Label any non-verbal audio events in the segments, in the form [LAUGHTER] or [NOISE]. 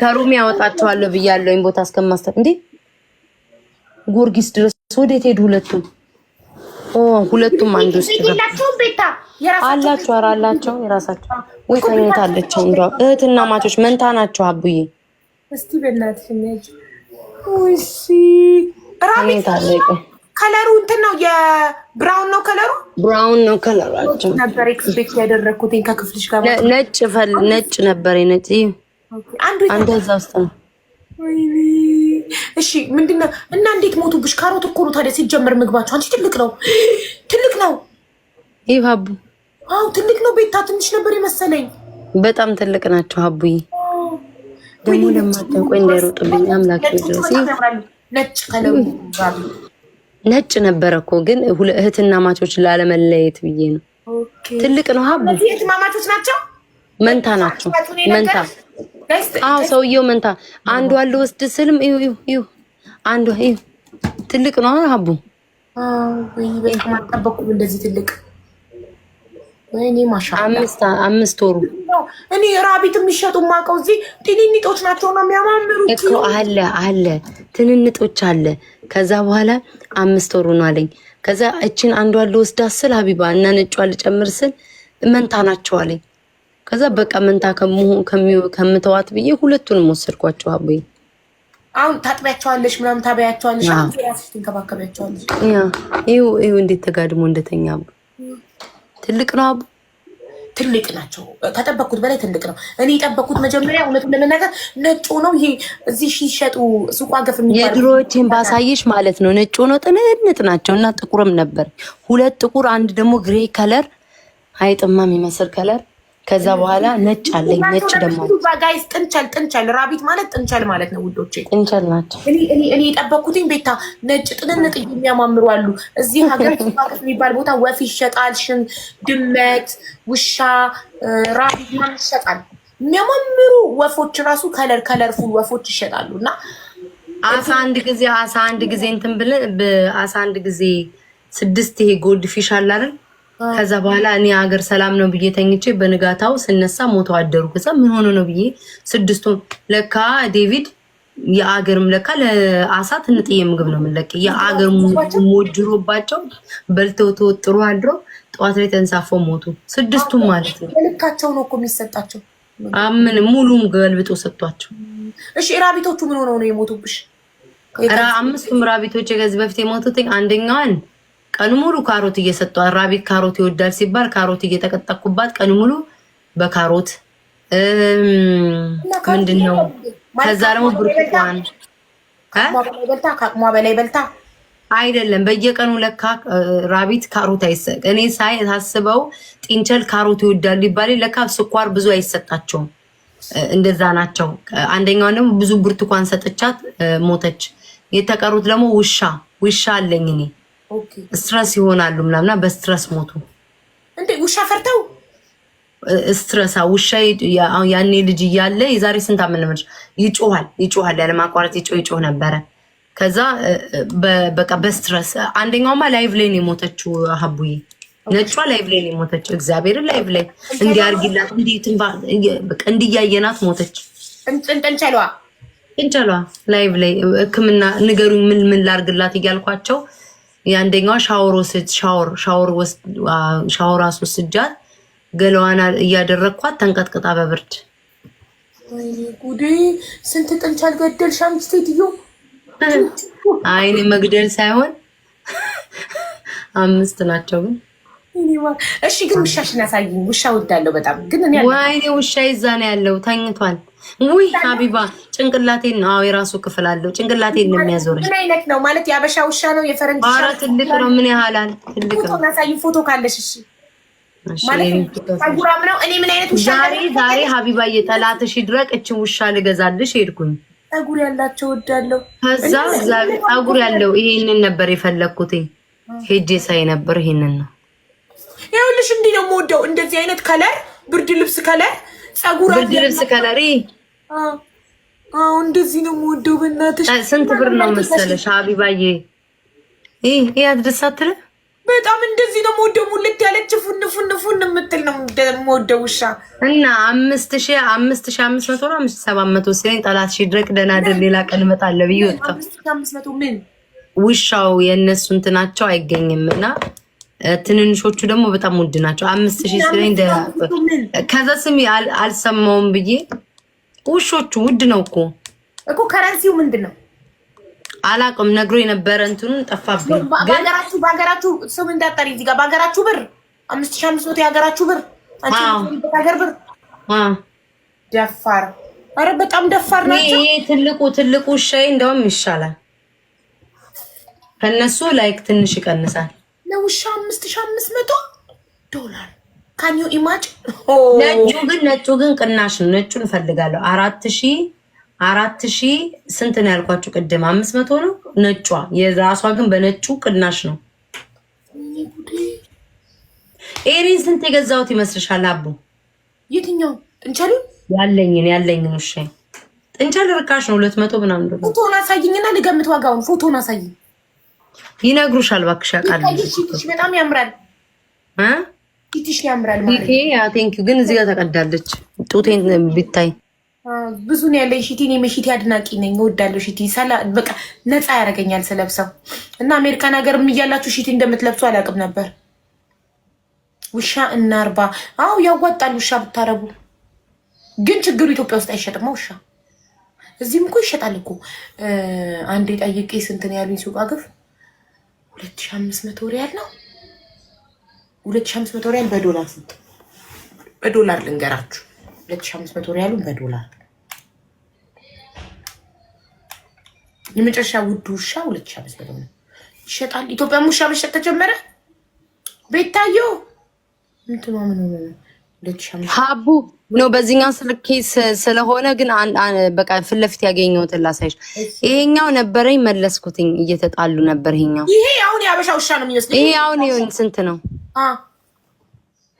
ከሩም ያወጣቸዋለሁ ብያለሁኝ። ቦታ እስከማስተ እንዴ ጎርጊስ ድረስ ወዴት ሄዱ? ሁለቱም ሁለቱም አንድ ውስጥ አላቸው። ኧረ አላቸው የራሳቸው ወይ ከኔት አለቸው። እንደው እህትና ማቾች መንታ ናቸው። አቡዬ እስቲ በእናትሽ ነጭ ወይሲ ከለሩ እንትን ነው የብራውን ነው ከለሩ ብራውን ነው ከለራቸው ነበር። ኤክስፔክት ያደረኩት ከክፍልሽ ጋር ነጭ ነጭ ነበር ነጭ አንዱ እዛ ውስጥ ነው። እሺ ምንድነው? እና እንዴት ሞቱብሽ? ካሮት እኮ ነው ታዲያ ሲጀመር ምግባቸው። አንቺ ትልቅ ነው ትልቅ ነው ይህ ሀቡ። አዎ ትልቅ ነው። ቤታ ትንሽ ነበር የመሰለኝ። በጣም ትልቅ ናቸው። ሀቡዬ ደግሞ ለማጠንቆ እንዳይሮጥብኝ አምላክ ድረስ ነጭ ከለው ነጭ ነበረ እኮ ግን እህትና ማቾች ላለመለየት ብዬ ነው። ትልቅ ነው ሀቡ። እህትማማቾች ናቸው። መንታ ናቸው። መንታ አዎ ሰውየው መንታ አንዱ አለ ወስድ ስልም እዩ እዩ እዩ አንዱ እዩ ትልቅ ነው አሁን አቡ እንደዚህ ትልቅ አምስት ወሩ እኔ ራቢት የሚሸጡ ማቀው እዚህ ትንንጦች ናቸው ነው የሚያማምሩት እኮ አለ አለ ትንንጦች አለ። ከዛ በኋላ አምስት ወሩ ነው አለኝ። ከዛ እችን አንዷ ልወስዳት ስል ሀቢባ እና ነጯ ልጨምር ስል መንታ ናቸው አለኝ። ከዛ በቃ መንታ ከመሆን ከምተዋት ብዬ ሁለቱንም ወሰድኳቸው። አቦይ አሁን ታጥቢያቸዋለሽ ምናም ታበያቸዋለሽ፣ ራስሽ ትንከባከቢያቸዋለሽ። ይኸው እንዴት ተጋድሞ እንደተኛ ትልቅ ነው አቦ ትልቅ ናቸው። ከጠበቅኩት በላይ ትልቅ ነው። እኔ የጠበቅኩት መጀመሪያ እውነቱን ለመናገር ነጭ ነው። ይሄ እዚህ ሲሸጡ ሱቋ ገፍ የድሮዎችን ባሳየሽ ማለት ነው። ነጭ ነው፣ ጥንንጥ ናቸው እና ጥቁርም ነበር። ሁለት ጥቁር፣ አንድ ደግሞ ግሬ ከለር አይጥማ የሚመስል ከለር ከዛ በኋላ ነጭ አለኝ። ነጭ ደግሞ ጋይስ ጥንቸል ጥንቸል ራቢት ማለት ጥንቸል ማለት ነው ውዶቼ፣ ጥንቸል ናቸው። እኔ የጠበኩትኝ ቤታ ነጭ ጥንንጥ የሚያማምሩ አሉ። እዚህ [LAUGHS] ሀገር ፋቅት የሚባል ቦታ ወፍ ይሸጣል፣ ሽን፣ ድመት፣ ውሻ፣ ራቢት ምናምን ይሸጣል። የሚያማምሩ ወፎች ራሱ ከለር ከለር ፉል ወፎች ይሸጣሉ። እና አሳ አንድ ጊዜ አሳ አንድ ጊዜ እንትን ብለን አሳ አንድ ጊዜ ስድስት ይሄ ጎልድ ፊሽ አላለን ከዛ በኋላ እኔ ሀገር ሰላም ነው ብዬ ተኝቼ በንጋታው ስነሳ ሞተው አደሩ። ከዛ ምን ሆኖ ነው ብዬ ስድስቱም ለካ ዴቪድ የአገርም ለካ ለአሳ ትንጥዬ ምግብ ነው የምንለቅ የአገር ሞጅሮባቸው በልተው ተወጥሮ አድረው ጠዋት ላይ ተንሳፈው ሞቱ። ስድስቱም ማለት ነው። ልካቸው ነው እኮ የሚሰጣቸው። አምን ሙሉም ገልብጦ ሰጥቷቸው። እሺ ራቢቶቹ ምን ሆነው ነው የሞቱብሽ? አምስቱም ራቢቶች ከዚህ በፊት የሞቱት አንደኛዋን ቀን ሙሉ ካሮት እየሰጠው አራቢ ካሮት ይወዳል ሲባል ካሮት እየተቀጠኩባት ቀን ሙሉ በካሮት ምንድን ነው። ከዛ ደግሞ ብርቱካን ከአቅሟ በላይ በልታ አይደለም በየቀኑ ለካ ራቢት ካሮት አይሰጥ። እኔ ሳይ ሳስበው ጢንቸል ካሮት ይወዳሉ ይባል ለካ ስኳር ብዙ አይሰጣቸውም። እንደዛ ናቸው። አንደኛውን ደግሞ ብዙ ብርቱካን ሰጥቻት ሞተች። የተቀሩት ደግሞ ውሻ ውሻ አለኝ እኔ ስትረስ ይሆናሉ ምናምና በስትረስ ሞቱ። እንዴ ውሻ ፈርተው ስትረስ ውሻ ያኔ ልጅ እያለ የዛሬ ስንት አመለመች ይጮሃል ይጮሃል ያለ ማቋረጥ ይጮ ይጮህ ነበረ። ከዛ በቃ በስትረስ አንደኛውማ ላይቭ ላይ ነው የሞተችው። ሀቡዬ ነጯ ላይቭ ላይ ነው የሞተችው። እግዚአብሔር ላይቭ ላይ እንዲያርግላት እንዲትንባ እንዲያየናት ሞተች። ጥንጨሏ ጥንጨሏ ላይቭ ላይ ሕክምና ንገሩኝ ምን ምን ላርግላት እያልኳቸው የአንደኛዋ ሻወር ወስድ ሻወር ሻወር ሻወር አስወስጃት ገለዋና እያደረግኳት ተንቀጥቅጣ በብርድ ወይኔ ጉዴ! ስንት ጥንቻ አልገደልሽ አንቺ ሴትዮ። አይኔ መግደል ሳይሆን አምስት ናቸው። ግን እሺ፣ ግን ውሻሽን አሳይኝ። ውሻ ወዳለው በጣም ግን። ወይኔ ውሻ ይዛ ነው ያለው ተኝቷል። ውይ ሀቢባ ጭንቅላቴን ነው። አዎ የራሱ ክፍል አለው። ጭንቅላቴን ነው የሚያዞር። ምን አይነት ነው ማለት? የአበሻ ውሻ ነው የፈረንጅ ውሻ? ኧረ ትልቅ ነው። ምን ያህላል? ትልቅ ነው። ፎቶ ፎቶ ካለሽ እሺ ዛሬ ዛሬ ሀቢባዬ ጠላትሽ ይድረቅ፣ እችን ውሻ ልገዛልሽ ሄድኩኝ። ጸጉር ያላቸው ወዳለው ከዛ ጸጉር ያለው ይሄንን ነበር የፈለግኩት። ሄጄ ሳይ ነበር ይሄንን ነው ይኸውልሽ። እንዲህ ነው የምወደው፣ እንደዚህ አይነት ከለር፣ ብርድ ልብስ ከለር፣ ጸጉር ብርድ ልብስ ከለር አዎ እንደዚህ ነው የምወደው። በእናትሽ ስንት ብር ነው መሰለሽ አቢባዬ ይሄ አትደሳትል በጣም እንደዚህ ነው የምወደው። ሙልት ያለች ፉን ፉን ፉን የምትል ነው የምወደው ውሻ እና አምስት ሺ አምስት ሺ አምስት መቶ ነው አምስት ሰባት መቶ ሲለኝ ጠላት ደህና ሌላ ቀን እመጣለሁ ብዬ ምን ውሻው የእነሱ እንትናቸው አይገኝም እና ትንንሾቹ ደግሞ በጣም ውድ ናቸው። አምስት ሺ ሲለኝ ከዛ ስሚ አልሰማውም ብዬ ውሾቹ ውድ ነው እኮ እኮ ከረንሲው ምንድን ነው አላቅም። ነግሮ የነበረ እንትኑን ጠፋብኝ። በሀገራችሁ በሀገራችሁ ስም እንዳጠሪ እዚህ ጋር በሀገራችሁ ብር አምስት ሺህ አምስት መቶ የሀገራችሁ ብር ሀገር ብር ደፋር። አረ በጣም ደፋር ናቸው። ይሄ ትልቁ ትልቁ ሻይ እንደውም ይሻላል ከነሱ ላይክ ትንሽ ይቀንሳል። ለውሻ አምስት ሺህ አምስት መቶ ዶላር ካን ዩ ኢማጅ ነጩ ግን ነጩ ግን ቅናሽ ነው። ነጩ እንፈልጋለሁ። አራት ሺ አራት ሺ ስንት ነው ያልኳችሁ ቅድም አምስት መቶ ነው ነጯ። የራሷ ግን በነጩ ቅናሽ ነው። ኤሪን ስንት የገዛሁት ይመስልሻል? አቡ የትኛው ጥንቸል ያለኝን ያለኝን ውሻ ጥንቸል ርካሽ ነው። ሁለት መቶ ምናምን ዶላር። ፎቶን አሳይኝና ልገምት ዋጋውን። ፎቶን አሳይኝ። ይነግሩሻል። እባክሽ ያውቃል። በጣም ያምራል እ ፊትሽ ያምራል ማለት ነው። ቴንክ ዩ ግን እዚህ ጋር ተቀዳለች። ጡቴን ብዙ ነው አድናቂ ነኝ። እወዳለሁ ሽቲ በቃ ነፃ ያደርገኛል ስለብሰው እና አሜሪካን ሀገር እያላችሁ ሽቲ እንደምትለብሱ አላውቅም ነበር። ውሻ አዎ ያዋጣል ውሻ ብታረቡ። ግን ችግሩ ኢትዮጵያ ውስጥ አይሸጥማ ውሻ። እዚህም እኮ ይሸጣል እኮ አንዴ ጠይቄ ስንት ነው ያሉኝ ሱቃ ግፍ ሁለት ሺህ አምስት መቶ ሪያል ነው ሁለት ሺህ አምስት ሪያል በዶላር ስንት? በዶላር ልንገራችሁ፣ በዶላር የመጨረሻ ውድ ውሻ ሁለት ነው ይሸጣል። ኢትዮጵያም ውሻ መሸጥ ተጀመረ። ነው ሀቡ ነው በዚህኛው ስለሆነ ግን በቃ ፊት ለፊት ያገኘሁትን ላሳይሽ። ይሄኛው ነበረኝ መለስኩትኝ። እየተጣሉ ነበር። ይሄኛው ይሄ አሁን የአበሻ ውሻ ነው የሚመስለው። ይሄ አሁን ስንት ነው?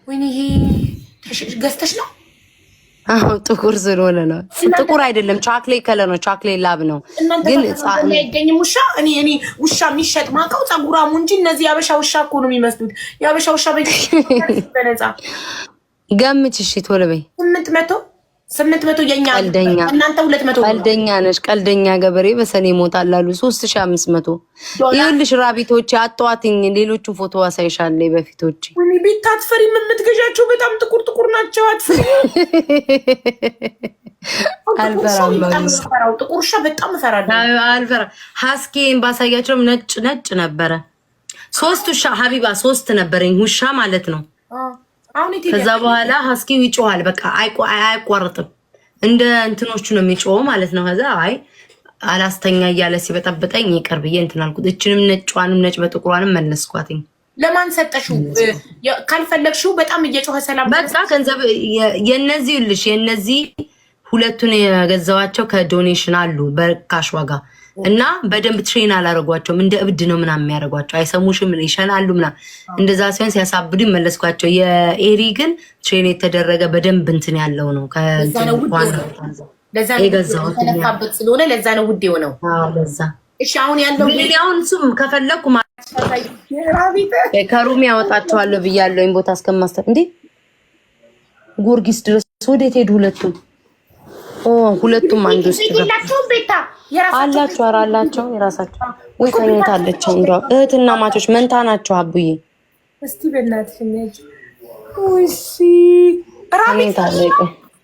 ወይኔ ይሄ ገዝተሽ ነው? አዎ ጥቁር ስለሆነ ነው። ጥቁር አይደለም፣ ቻክሌት ከለር ነው። ቻክሌት ላብ ነው። ግን አይገኝም። ውሻ እኔ እኔ ውሻ የሚሸጥ ማውቀው ፀጉራሙ እንጂ እነዚህ ያበሻ ውሻ እኮ ነው የሚመስሉት። ያበሻ ውሻ [LAUGHS] በነፃ ገምች። እሺ ቶሎ በይ ስምንት መቶ ስምንት መቶ የኛ እናንተ ሁለት መቶ ቀልደኛ ነሽ። ቀልደኛ ገበሬ በሰኔ ይሞታል አሉ ሶስት ሺ አምስት መቶ ይኸውልሽ፣ ራቢቶች አጠዋትኝ። ሌሎቹን ፎቶ አሳይሻለሁ። በፊቶች ቤት አትፈሪም። የምትገዣቸው በጣም ጥቁር ጥቁር ናቸው። አትፈሪ። አልፈራም። ጥቁር ውሻ በጣም እፈራለሁ። አልፈራም። ሀስኬን ባሳያቸውም ነጭ ነጭ ነበረ። ሶስት ውሻ ሀቢባ ሶስት ነበረኝ ውሻ ማለት ነው። ከዛ በኋላ ሀስኪው ይጮኋል። በቃ አያቋርጥም። እንደ እንትኖቹ ነው የሚጮው ማለት ነው። ከዛ አይ አላስተኛ እያለ ሲበጠብጠኝ ይቅር ብዬ እንትን አልኩት። እችንም ነጭዋንም ነጭ በጥቁሯንም መለስኳትኝ። ለማን ሰጠሽው? ካልፈለግሽው በጣም እየጮኸ ሰላም በቃ ገንዘብ የነዚህ ልሽ የነዚህ ሁለቱን የገዛዋቸው ከዶኔሽን አሉ በርካሽ ዋጋ እና በደንብ ትሬን አላረጓቸውም። እንደ እብድ ነው ምናምን የሚያደርጓቸው አይሰሙሽም፣ ይሸናሉ ምናምን። እንደዛ ሲሆን ሲያሳብዱ ይመለስኳቸው። የኤሪ ግን ትሬን የተደረገ በደንብ እንትን ያለው ነው የገዛሁት ስለሆነ ለዛ ነው ውድ የሆነው። ለዛ አሁን ያለው አሁን እሱም ከፈለግኩ ከሩም ያወጣቸዋለሁ ብያለሁ። ቦታ እስከማስተ እንዴ ጎርጊስ ድረስ ወዴት ሄዱ ሁለቱም ሁለቱም አንድ ውስጥ አላቸው። ኧረ አላቸው የራሳቸው ወይ ከኔት አለቸው። እንደው እህትና ማቾች መንታ ናቸው። አቡዬ እስቲ በእናትሽ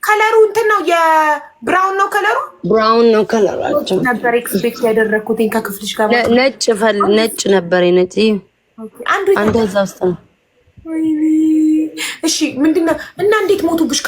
ከለሩ እንትን ነው የብራውን ነው ከለሩ ብራውን ነው ከለራቸው ነበር ኤክስፔክት ያደረግኩት ከክፍልሽ ጋር ነጭ ፈል ነጭ ነበር ነጭ አንዱ አንዱ እዛ ውስጥ ነው። እሺ ምንድነው እና እንዴት ሞቱብሽ?